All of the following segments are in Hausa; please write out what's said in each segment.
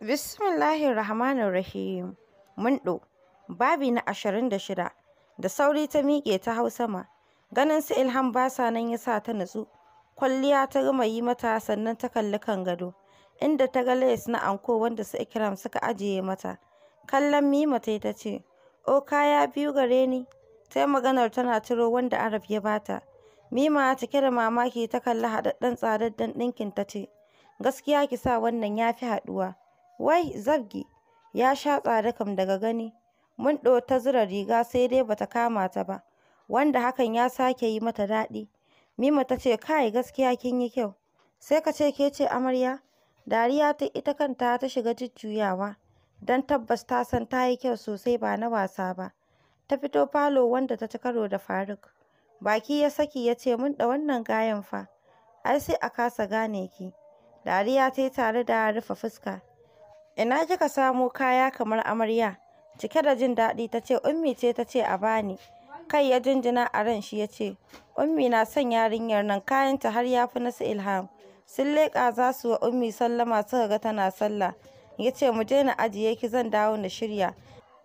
Bismillahir Rahmanir Rahim. Mundo, babi na ashirin da shida. Da sauri ta miƙe ta hau sama. Ganin su Ilham basa nan ya sa ta nutsu. Kwalliya ta gama yi mata sannan ta kalli kan gado. Inda ta ga lace na anko wanda su Ikram suka ajiye mata. Kallon Mima ta ta ce, "O kaya biyu gare ni." Ta maganar tana ciro wanda Arab ya bata. Mima ta da mamaki ta kalli haɗaɗɗen tsadaddan ɗinkin ta ce, "Gaskiya ki sa wannan ya fi haɗuwa." Wai zabgi! Ya sha tsada kam daga gani. mun ta zura riga sai dai bata kama ta ba, wanda hakan ya sake yi mata daɗi. Mima ta ce kai gaskiya kin yi kyau. Sai ka ce ke ce amarya? Dariya ta ita kanta ta shiga jujjuyawa, don tabbas ta san ta yi kyau sosai ba na wasa ba. Ta fito falo wanda ta ci karo da Faruk. Baki ya saki ya ce mun da wannan gayan fa, ai sai a kasa gane ki. Dariya ta yi tare da rufe fuska. ina kika samo kaya kamar amarya cike da jin daɗi ta ce ummi ce ta ce a bani kai ya jinjina a ran shi ya ce ummi na son yarinyar nan kayanta har ya fi nasu ilham sun leƙa za su wa ummi sallama suka ga tana sallah ya ce mu je na ajiye ki zan dawo na shirya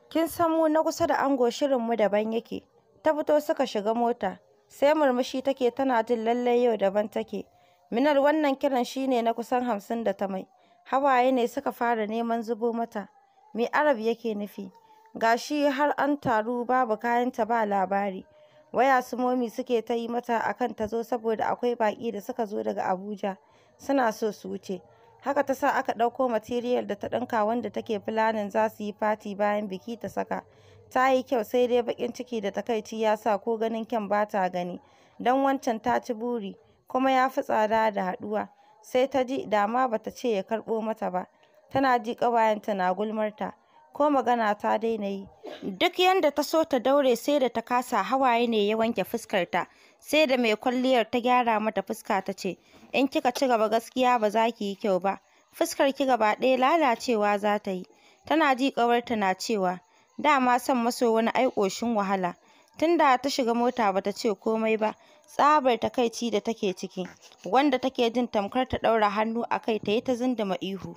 kin san mu na kusa da ango shirin mu daban yake ta fito suka shiga mota sai murmushi take tana jin lallai yau daban take minar wannan kiran shine na kusan hamsin da ta mai hawaye ne suka fara neman zubo mata. Me Arab yake nufi? Ga shi har an taru babu kayanta ba labari. Waya su momi suke ta yi mata akan ta zo saboda akwai baƙi da suka zo daga Abuja. Suna so su wuce. Haka ta sa aka ɗauko material da ta ɗinka wanda take filanin za su yi fati bayan biki ta saka. Ta yi kyau sai dai baƙin ciki da takaici ya sa ko ganin kyan ba ta gani. Don wancan ta ci buri, kuma ya fi tsada da haɗuwa. sai ta ji da ba ta ce ya karɓo mata ba, tana ji ƙawayenta na gulmarta, ko magana ta daina yi. Duk yadda ta so ta daure sai da ta kasa hawaye ne ya wanke fuskarta, sai da mai kwalliyar ta gyara mata fuska ta ce, in kika ci gaba gaskiya ba za ki yi kyau ba, fuskar ki gaba ɗaya lalacewa za ta yi. Tana ji ƙawarta na cewa, dama son maso wani ai ƙoshin wahala. tunda ta shiga mota bata ce komai ba tsabar takaici da take ciki wanda take jin tamkar ta ɗaura hannu a kai ta yi ta zunduma ihu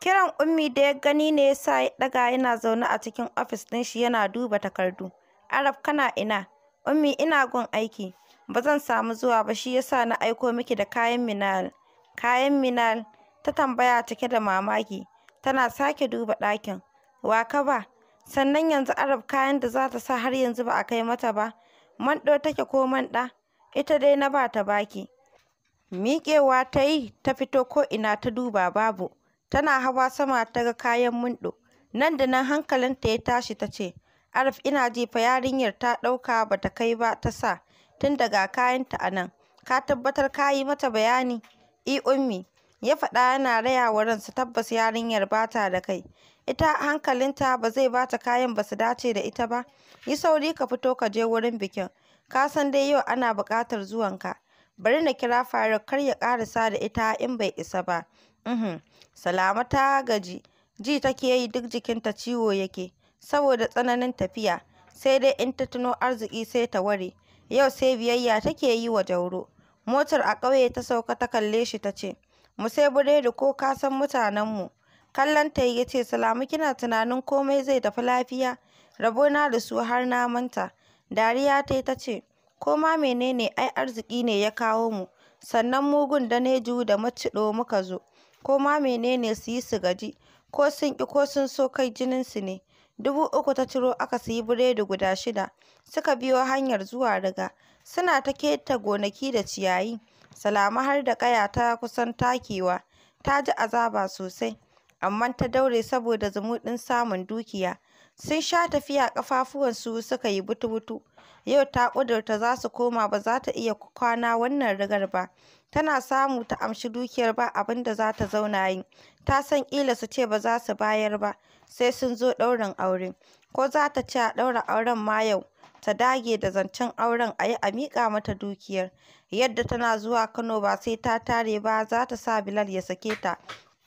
kiran ummi da ya gani ne yasa ya ɗaga yana zaune a cikin ofis ɗin shi yana duba takardu arab kana ina ummi ina gun aiki ba zan samu zuwa ba shi yasa na aiko miki da kayan minal kayan minal ta tambaya cike da mamaki tana sake duba ɗakin wa ka ba sannan yanzu Arab kayan da za ta sa har yanzu ba a kai mata ba, manɗo take ko manɗa, ita dai na ba ta baki. Miƙewa ta yi ta fito ko ina ta duba babu, tana hawa sama ta ga kayan munɗo, nan da nan hankalinta ya tashi ta ce, araf ina ji fa yarinyar ta ɗauka ba ta kai ba ta sa, tun daga kayanta a nan, ka tabbatar ka yi mata bayani? I ummi, ya faɗa yana raya ransa tabbas yarinyar ba ta da kai, ita hankalinta ba zai ba ta kayan ba su dace da ita ba yi sauri ka fito ka je wurin bikin ka san dai yau ana buƙatar zuwanka bari na kira faruk kar ya ƙarasa da ita in bai isa ba uhum salama ta gaji ji take yi duk jikinta ciwo yake saboda tsananin tafiya sai dai in ta tuno arziki sai ta ware yau sai biyayya take yi wa Jauro. Motar a ƙauye ta sauka ta kalle shi ta ce, Mu sai biredi ko ka san mutanenmu, Kallon ta yi ya ce, Salamu kina tunanin komai zai tafi lafiya? Rabona da su har na manta. Dariya ta yi ta ce, ko menene ai arziki ne ya kawo mu, sannan mugun da daneju da macido muka zo, ko ma menene su yi su gaji, ko sun ƙi ko sun so kai jinin su ne. Dubu uku ta ciro aka sayi biredi guda shida, suka biyo hanyar zuwa riga, suna ta keta gonaki da ciyayi, Salama har da kaya ta kusan takewa, ta ji azaba sosai. amma ta daure saboda zumuɗin samun dukiya. Sun sha tafiya ƙafafuwansu suka yi butu-butu. Yau ta ƙudurta za su koma ba za ta iya kwana wannan rigar ba. Tana samu ta amshi dukiyar ba abin da za ta zauna yi. Ta san ƙila su ce ba za su bayar ba sai sun zo ɗaurin aure. Ko za ta ce a ɗaura auren ma yau. ta dage da zancen auren a yi a miƙa mata dukiyar. Yadda tana zuwa Kano ba sai ta tare ba za ta sa Bilal ya sake ta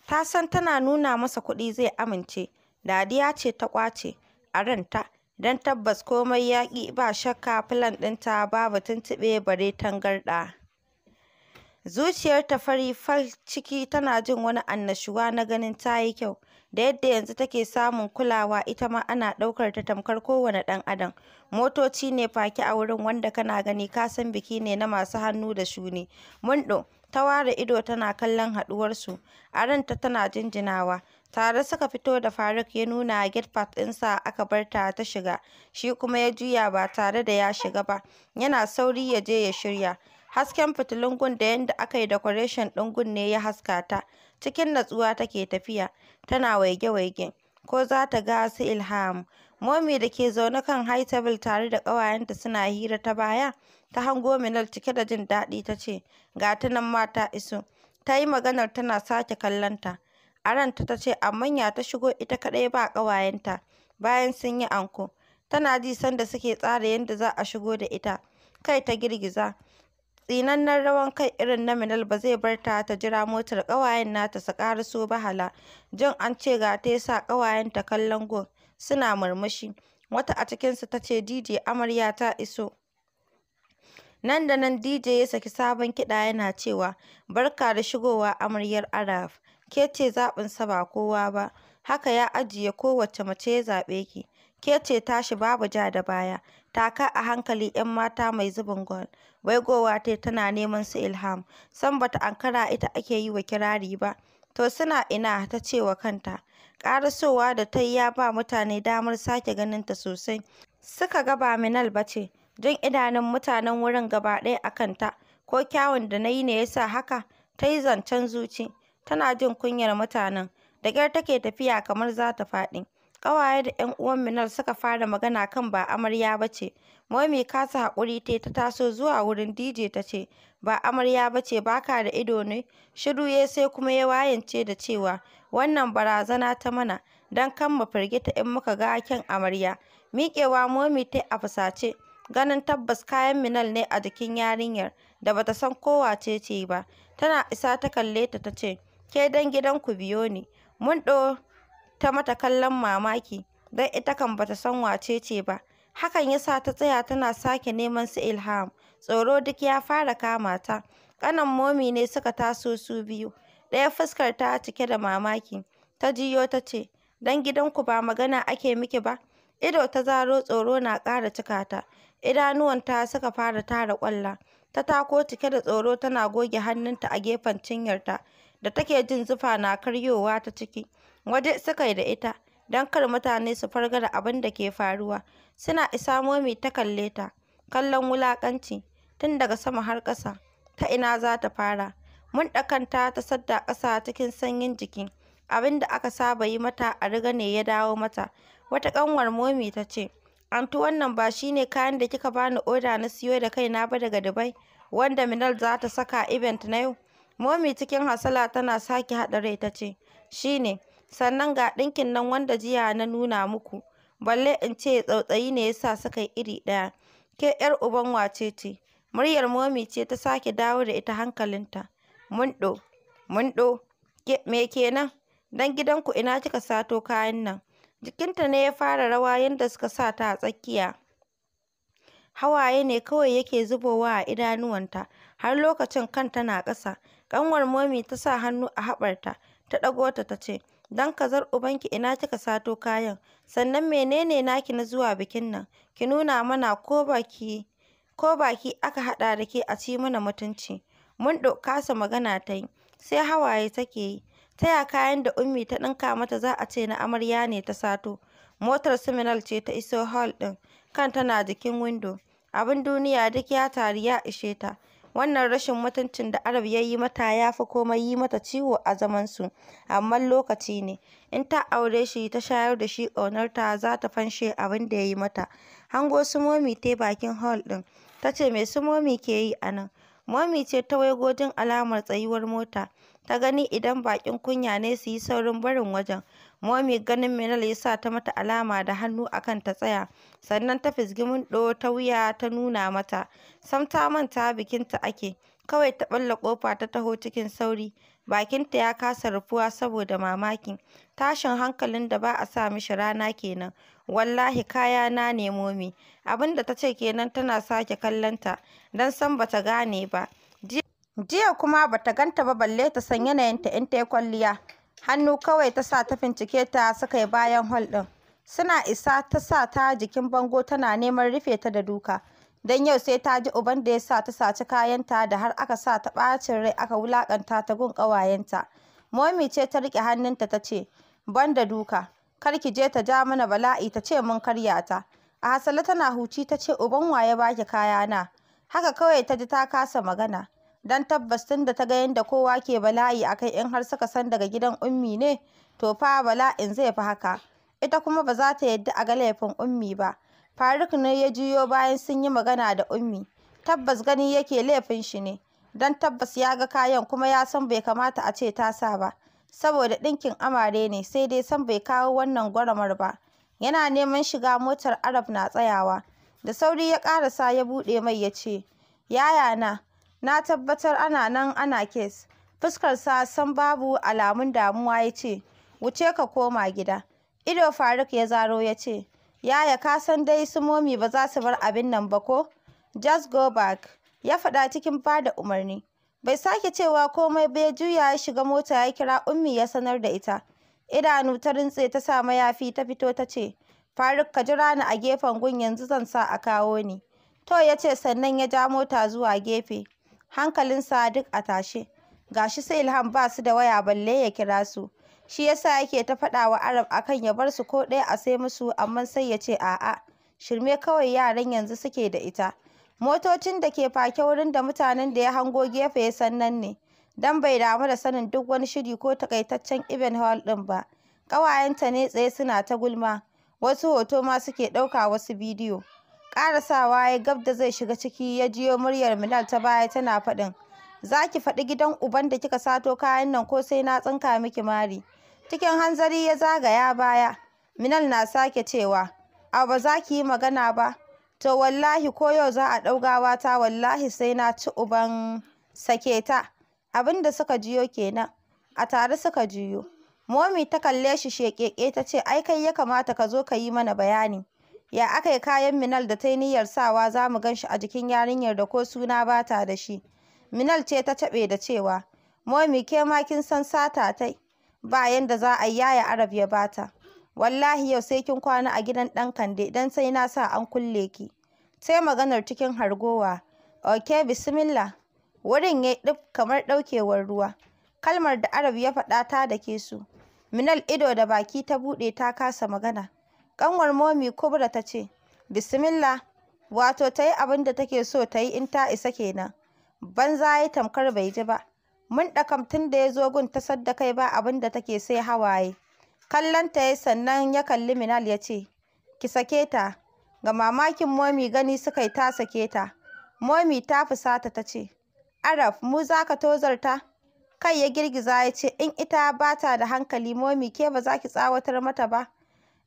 Ta san tana nuna masa kuɗi zai amince, dadiya ce ta ƙwace a ranta don tabbas komai ya ƙi ba shakka filan ɗinta babu tuntuɓe bare tangarɗa. Zuciyarta fari fal ciki tana jin wani annashuwa na ganin ta yi kyau. da yadda yanzu take samun kulawa ita ma ana ɗaukar ta tamkar kowane ɗan adam motoci ne faki a wurin wanda kana gani ka san biki ne na masu hannu da shuni mundo ta ware ido tana kallon haɗuwarsu a ranta tana jinjinawa tare suka fito da Faruk ya nuna gate pass ɗinsa aka bar ta ta shiga shi kuma ya juya ba tare da ya shiga ba yana sauri ya je ya shirya Hasken fitilun gun da yadda aka yi dakoreshin ɗin gun ne ya haska ta. Cikin natsuwa take tafiya, tana waige-waige. Ko za ta ga su Ilham. Momi da ke zaune kan high table tare da ƙawayenta suna hira ta baya, ta hango Minal cike da jin daɗi ta ce, ga ta nan ma ta iso. Ta yi maganar tana sake kallonta. A ranta ta ce, amma ya ta shigo ita kaɗai ba ƙawayenta, bayan sun yi anko. Tana ji sanda suke tsara yadda za a shigo da ita. Kai ta girgiza. tsinannen rawan kai irin na Minal ba zai bar ta ta jira motar ƙawayen nata su ƙaraso ba hala. Jin an ce ga ta ya sa ƙawayenta kallon gol suna murmushi. Wata a cikinsu ta ce, DJ amarya ta iso. Nan da nan DJ ya saki sabon kiɗa yana cewa, Barka da shigowa amaryar Arab, ke ce zaɓinsa ba kowa ba, haka ya ajiye kowace mace ya zaɓe ki. Ke ce tashi babu ja da baya, taka a hankali 'yan mata mai zubin gwal. Waigowa yi tana neman su Ilham, sam bata ankara ita ake yi wa kirari ba. To suna ina? ta ce wa kanta. Ƙarasowa da ta yi ya ba mutane damar sake ganin ta sosai. Suka ga ba Minal ba ce, jan idanun mutanen wurin gaba ɗaya a kanta, ko kyawun da na yi ne ya sa haka? Ta yi zancen zuci, tana jin kunyar mutanen, da ƙyar take tafiya kamar za ta faɗi. Ƙawaye da ‘yan uwan Minal suka fara magana kan ba amarya ba ce. Momi kasa haƙuri ta ta taso zuwa wurin DJ ta ce, ba amarya ba ce ba ka da ido ne. Shiru ya sai kuma ya wayance da cewa, wannan barazana ta mana, don kan mu firgita in muka ga kyan amarya. Miƙewa Momi ta a fusace, ganin tabbas kayan Minal ne a jikin yarinyar da bata san kowace ce ba. Tana isa ta kalle ta ta ce, ke dan ku biyo ni. Mun ɗo ta mata kallon mamaki don ita kan bata san wace ce ba. Hakan yasa ta tsaya tana sake neman su Ilham. Tsoro duk ya fara kama ta. Ƙanan momi ne suka taso su biyu. Ɗaya fuskar ta cike da mamaki. Ta jiyo ta ce, don gidanku ba magana ake miki ba. Ido ta zaro tsoro na ƙara cika ta. Idanuwanta suka fara tara ƙwalla. Ta tako cike da tsoro tana goge hannunta a gefen cinyarta da take jin zufa na karyowa ta ciki. waje suka yi da ita don kar mutane su fargara abin da ke faruwa suna isa momi ta kalle ta kallon wulakanci tun daga sama har ƙasa ta ina za ta fara mun ɗakanta ta sadda ƙasa cikin sanyin jiki abin da aka saba yi mata a riga ne ya dawo mata wata ƙanwar momi ta ce antu wannan ba shi ne kayan da kika bani oda na siyo da kaina ba daga dubai wanda minal za ta saka event na yau momi cikin hasala tana sake haɗa rai ta ce shi ne sannan ga ɗinkin nan wanda jiya na nuna muku balle in ce tsautsayi ne yasa suka yi iri ɗaya ke ƴar uban wace ce muryar momi ce ta sake dawo da ita hankalinta mundo mundo me kenan dan gidanku ina kika sato kayan nan jikinta ne ya fara rawa yanda suka sa ta a tsakiya hawaye ne kawai yake zubowa a idanuwanta har lokacin kanta na ƙasa ƙanwar momi ta sa hannu a haɓarta ta ɗago ta ta ce don kazar ubanki ina kika sato kayan sannan menene naki na zuwa bikin nan ki nuna mana ko baki ko baki aka haɗa da ke a ci mana mutunci mun kasa magana ta yi sai hawaye take yi ta ya kayan da ummi ta ɗinka mata za a ce na amarya ne ta sato motar Seminal ce ta iso hall ɗin kan tana jikin windo abin duniya duk ya taru ya ishe ta Wannan rashin mutuncin da Arab ya yi mata ya fi komai yi mata ciwo a zamansu, amma lokaci ne. In ta aure shi ta shayar da shi ƙaunarta za ta fanshe abin da ya yi mata. Hango su Momi ta bakin hall ɗin, ta ce me su Momi ke yi a nan? Momi ce ta waigo jin alamar tsayuwar mota, ta gani idan bakin kunya ne su yi saurin barin wajen. Momi ganin Minal ya sa ta mata alama da hannu akan ta tsaya, sannan ta fizgi munɗo ta wuya ta nuna mata. Sam ta manta bikinta ake, kawai ta ɓalla ƙofa ta taho cikin sauri. Bakinta ya kasa rufuwa saboda mamakin, Tashin hankalin da ba a sa mishi rana kenan. Wallahi kaya na ne Momi. abinda da ta ce kenan tana sake kallonta, don san ba ta gane ba. Jiya kuma ba ta ganta ba balle ta san yanayinta in ta yi kwalliya. hannu kawai ta sa ta fincike ta suka yi bayan hol ɗin suna isa ta sa ta jikin bango tana neman rufe ta da duka don yau sai ta ji uban da ya sa ta saci kayanta da har aka sa ta ɓacin rai aka wulaƙanta ta gun ƙawayenta momi ce ta riƙe hannunta ta ce ban da duka kar ki je ta ja mana bala'i ta ce mun karya ta a hasala tana huci ta ce uban waye baki kayana haka kawai ta ji ta kasa magana don tabbas tun da ta ga yadda kowa ke bala'i a kai in har suka san daga gidan ummi ne to fa bala'in zai fi haka ita kuma ba za ta yadda a ga laifin ummi ba faruk ne ya juyo bayan sun yi magana da ummi tabbas gani yake laifin shi ne don tabbas ya ga kayan kuma ya san bai kamata a ce ta sa ba saboda ɗinkin amare ne sai dai san bai kawo wannan gwaramar ba yana neman shiga motar arab na tsayawa da sauri ya ƙarasa ya buɗe mai ya ce yaya na na tabbatar ana nan ana kes fuskarsa san babu alamun damuwa ya ce wuce ka koma gida ido faruk ya zaro ya ce yaya ka san dai su momi ba za su bar abin nan ba ko just go back ya faɗa cikin bada umarni bai sake cewa komai ba ya juya ya shiga mota ya kira ummi ya sanar da ita idanu ta rintse ta sa mayafi ta fito ta ce faruk ka jira ni a gefen gun yanzu zan sa a kawo ni to ya ce sannan ya ja mota zuwa gefe hankalinsa duk a tashe gashi sai ilham ba su da waya balle ya kira su shi yasa yake ta faɗa wa arab akan ya bar su ko ɗaya a sai musu amma sai ya ce a'a shirme kawai yaran yanzu suke da ita motocin da ke fake wurin da mutanen da ya hango gefe ya san nan ne dan bai damu da sanin duk wani shiri ko takaitaccen event hall ɗin ba ƙawayenta ne tsaye suna ta gulma wasu hoto ma suke ɗauka wasu bidiyo sa ya gab da zai shiga ciki ya jiyo muryar Minal ta baya tana faɗin. Za ki faɗi gidan uban da kika sato kayan nan ko sai na tsinka miki mari. Cikin hanzari ya zagaya baya. Minal na sake cewa, a ba za ki yi magana ba. To wallahi ko yau za a ɗaugawa ta wallahi sai na ci uban sake ta. Abin da suka jiyo kenan. A tare suka jiyo. Momi ta kalle shi sheƙeƙe ta ce, ai kai ya kamata ka zo ka yi mana bayani. Ya aka yi kayan Minal da ta yi niyyar sawa za mu gan shi a jikin yarinyar da ko suna ba ta da shi. Minal ce ta taɓe da cewa, Momi ke ma kin san sata tai, bayan da za a yaya Arab ya bata. Wallahi yau sai kin kwana a gidan ɗan Kande don sai na sa an kulle ki. Sai maganar cikin hargowa, ok bismillah. Wurin ya ɗif kamar ɗaukewar ruwa. Kalmar da Arab ya faɗa ta da ke su. Minal ido da baki ta buɗe ta kasa magana. ƙanwar momi kubra ta ce bismillah wato ta yi abin da take so ta yi in ta isa kenan banza ya tamkar bai ji ba mun ɗakam tun da ya zo gun ta sadda kai ba abin da take sai hawaye kallon ta ya sannan ya kalli minal ya ce ki sake ta ga mamakin momi gani suka yi ta sake ta momi ta fusata ta ce araf mu za ka tozarta kai ya girgiza ya ce in ita ba ta da hankali momi ke ba za ki tsawatar mata ba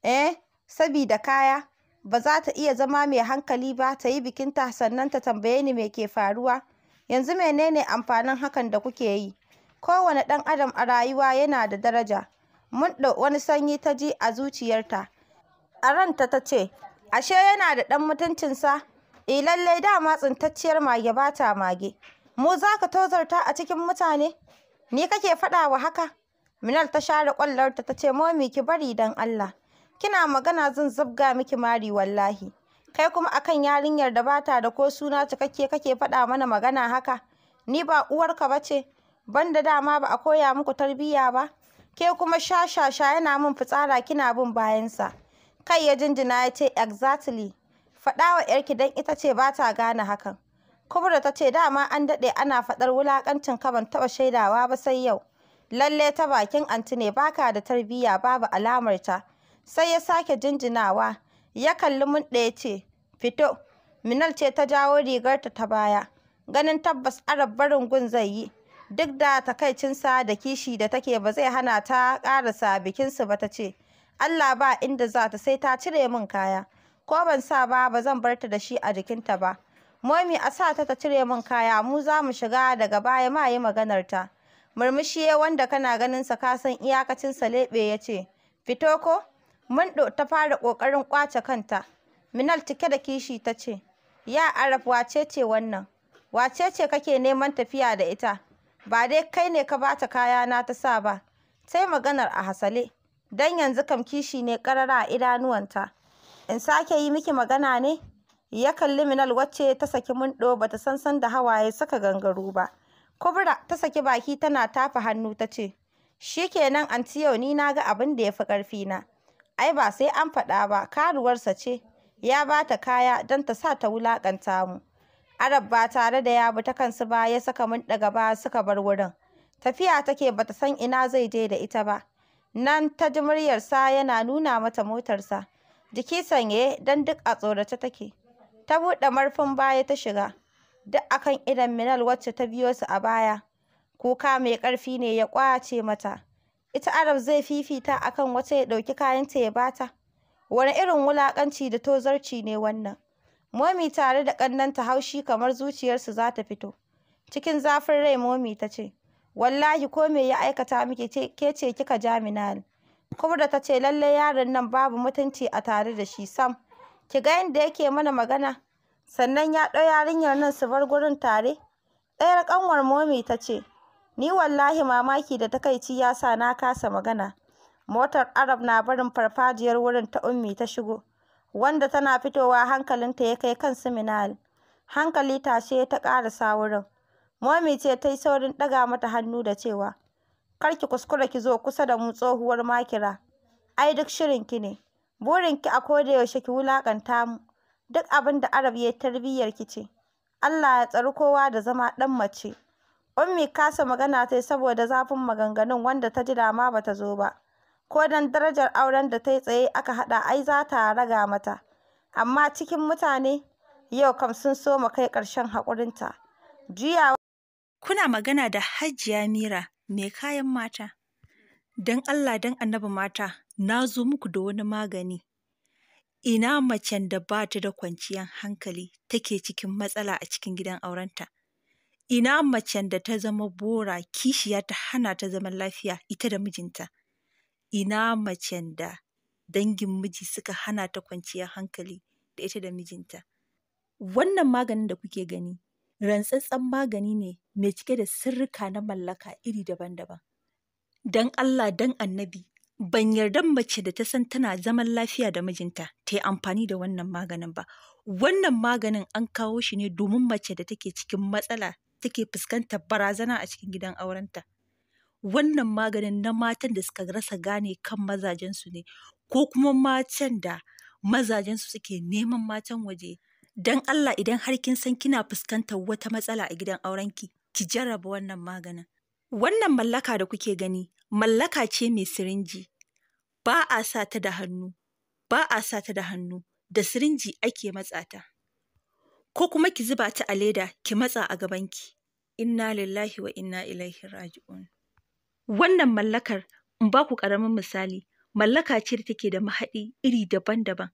eh sabida kaya, ba za ta iya zama mai hankali ba ta yi bikinta sannan ta tambaye ni me ke faruwa, yanzu menene amfanin hakan da kuke yi? Kowane ɗan adam a rayuwa yana da daraja. Mun wani sanyi ta ji a zuciyarta. A ranta ta ce, ashe yana da ɗan mutuncinsa? E lallai dama tsintacciyar mage ba ta mage. Mu za ka tozarta a cikin mutane? Ni kake faɗa wa haka? Minal ta share ƙwallonta ta ce, Momi ki bari don Allah. kina magana zan zabga miki mari wallahi kai kuma akan yarinyar da bata da ko suna ta kake kake faɗa mana magana haka ni ba uwarka bace banda dama ba a koya muku tarbiyya ba ke kuma shashasha yana min fitsara kina bin bayansa kai ya jinjina ya ce exactly faɗa wa yarki dan ita ce bata gane hakan kubra ta ce dama an daɗe ana faɗar wulakancin ka ban taɓa shaidawa ba sai yau lalle ta bakin antine baka da tarbiyya babu alamar ta sai ya sake jinjinawa ya kalli mun ɗaya ce fito minal ce ta jawo rigarta ta baya ganin tabbas arab barin gun zai yi duk da takaicinsa da kishi da take ba zai hana ta karasa bikinsu ba ta ce allah ba inda za ta sai ta cire min kaya ko ban sa ba ba zan bar ta da shi a jikinta ba momi a sa ta ta cire min kaya mu za mu shiga daga baya ma yi maganar ta murmushi wanda kana ganin sa ka san iyakacin sa lebe ya ce fito ko Mundo ta fara ƙoƙarin ƙwace kanta. Minal cike da kishi ta ce, Ya Arab wace ce wannan? Wace ce kake neman tafiya da ita? Ba dai kai ne ka bata kayana ta sa ba. Sai maganar a hasale, don yanzu kam kishi ne ƙarara a idanuwanta. In sake yi miki magana ne? Ya kalli Minal wacce ta saki mundo bata san san da hawaye suka gangaro ba. Kubra ta saki baki tana tafa hannu ta ce, Shi kenan anti yau ni na ga abin da ya fi ƙarfina. ai ba sai an faɗa ba karuwarsa ce ya ba ta kaya don ta sa ta wulaƙanta mu arab ba tare da ya bi ta kansu ba ya saka mun daga ba suka bar wurin tafiya take ta san ina zai je da ita ba nan ta ji muryarsa yana nuna mata motarsa jiki sanye don duk a tsorace take ta buɗe marfin baya ta shiga duk akan idan minal wacce ta biyo su a baya kuka mai ƙarfi ne ya ƙwace mata ita Arab zai fifita akan wata ya ɗauki kayanta ya bata. Wani irin wulakanci da tozarci ne wannan? Momi tare da kannanta haushi kamar zuciyarsu za ta fito. Cikin zafin rai Momi ta ce, Wallahi ko me ya aikata miki ke ce kika ja Kuma da ta ce lallai yaron nan babu mutunci a tare da shi sam. Ki ga yadda yake mana magana. Sannan ya ɗau yarinyar nan su bar gurin tare. Ɗayar ƙanwar Momi ta ce, Ni wallahi mamaki da takaici ya sa na kasa magana. Motar Arab na barin farfajiyar wurin ta Ummi ta shigo, wanda tana fitowa hankalinta ya kai kan siminal Hankali tashe ta ƙarasa wurin. Momi ce ta yi saurin ɗaga mata hannu da cewa, Kar ki kuskura ki zo kusa da mu tsohuwar makira. Ai duk shirin ki ne. Burin ki a koda yaushe ki wulaƙanta mu. Duk abin da Arab ya tarbiyyar ki ce. Allah ya tsari kowa da zama ɗan mace. Ummi kasa magana ta yi saboda zafin maganganun wanda ta ji dama ma ba ta zo ba. Ko don darajar auren da ta yi tsaye aka haɗa ai za ta raga mata. Amma cikin mutane yau kam sun so mu kai ƙarshen haƙurinta. Juyawa. Kuna magana da Hajiya Mira mai kayan mata. Don Allah don annabi mata, na zo muku da wani magani. Ina macen da ba ta da kwanciyar hankali take cikin matsala a cikin gidan aurenta. Ina macen da ta zama bora kishiya ta hana ta zaman lafiya ita da mijinta? Ina macen da dangin miji suka hana ta kwanciya hankali da ita da mijinta? Wannan maganin da kuke gani, rantsatsen magani ne mai cike da sirrika na mallaka iri daban-daban. Don Allah, don annabi, ban yarda mace da ta san tana zaman lafiya da mijinta ta yi amfani da wannan maganin ba. Wannan maganin an kawo shi ne domin mace da take cikin matsala take fuskantar barazana a cikin gidan aurenta wannan maganin na matan da suka rasa gane kan mazajensu ne ko kuma matan da mazajensu suke neman matan waje don Allah idan har kin san kina fuskantar wata matsala a gidan aurenki ki jarraba wannan maganin wannan mallaka da kuke gani mallaka ce mai sirinji ba a sa ta da hannu ba a sa ta da hannu da sirinji ake matsata. ko kuma ki zuba ta a leda ki matsa a gabanki inna lillahi wa inna ilaihi raji'un wannan mallakar in ba ku ƙaramin misali mallaka ce da take da mahaɗi iri daban-daban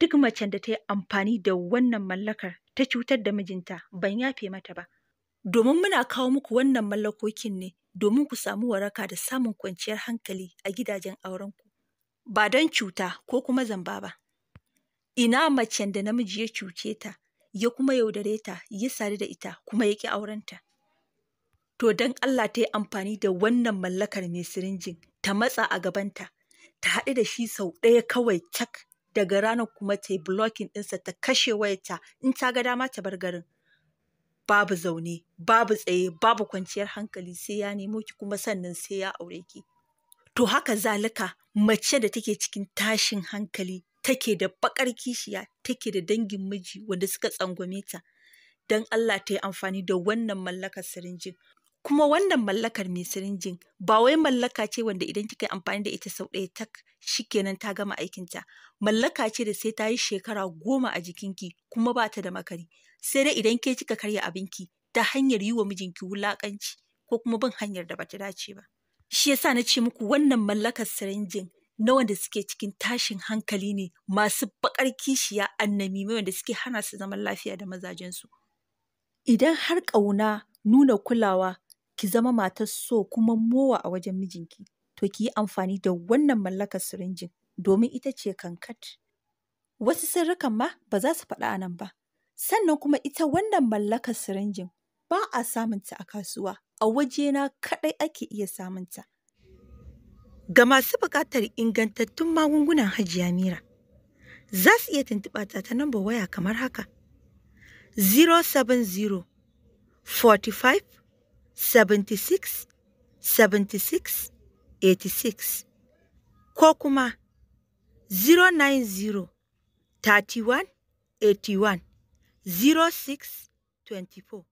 duk macen da ta yi amfani da wannan mallakar ta cutar da mijinta ban yafe mata ba domin muna kawo muku wannan mallakokin ne domin ku samu waraka da samun kwanciyar hankali a gidajen auren ku. ba don cuta ko kuma zamba ba ina macen da namiji ya cuce ta ya kuma yaudare ta ya sadu da ita kuma ya ƙi aurenta to don Allah ta yi amfani da wannan mallakar mai sirinjin ta matsa a gabanta ta haɗu da shi sau ɗaya kawai cak daga ranar kuma ta yi blocking ɗinsa ta kashe wayata, in ta ga dama ta bar garin babu zaune babu tsaye babu kwanciyar hankali sai ya nemo ki kuma sannan sai ya aure ki to haka zalika mace da take cikin tashin hankali take da bakar kishiya take da dangin miji wanda suka tsangwame ta don Allah ta yi amfani da wannan mallakar sirinjin kuma wannan mallakar mai sirinjin ba wai mallaka ce wanda idan kika yi amfani da ita sau ɗaya tak shikenan ta gama aikinta mallaka ce da sai ta yi shekara goma a jikinki kuma ba ta da makari sai dai idan ke kika karya abinki ta hanyar yi wa mijinki wulaƙanci ko kuma bin hanyar da bata dace ba shi yasa na ce muku wannan mallakar sirinjin na wanda suke cikin tashin hankali ne masu bakar kishiya annami mai wanda suke hana su zaman lafiya da mazajensu. Idan har ƙauna nuna kulawa ki zama matar so kuma mowa a wajen mijinki, to ki yi amfani da wannan mallakar sirinjin domin ita ce kankat. Wasu sirrikan ma ba za su faɗa a nan ba. Sannan kuma ita wannan mallakar sirinjin ba a samunta a kasuwa, a wajena kaɗai ake iya samunta. Ga masu buƙatar ingantattun magungunan Hajiya Mira, za su iya tuntuɓa ta ta nambar waya kamar haka: 070 45 76 76 86 ko kuma 090 31 81 06 24.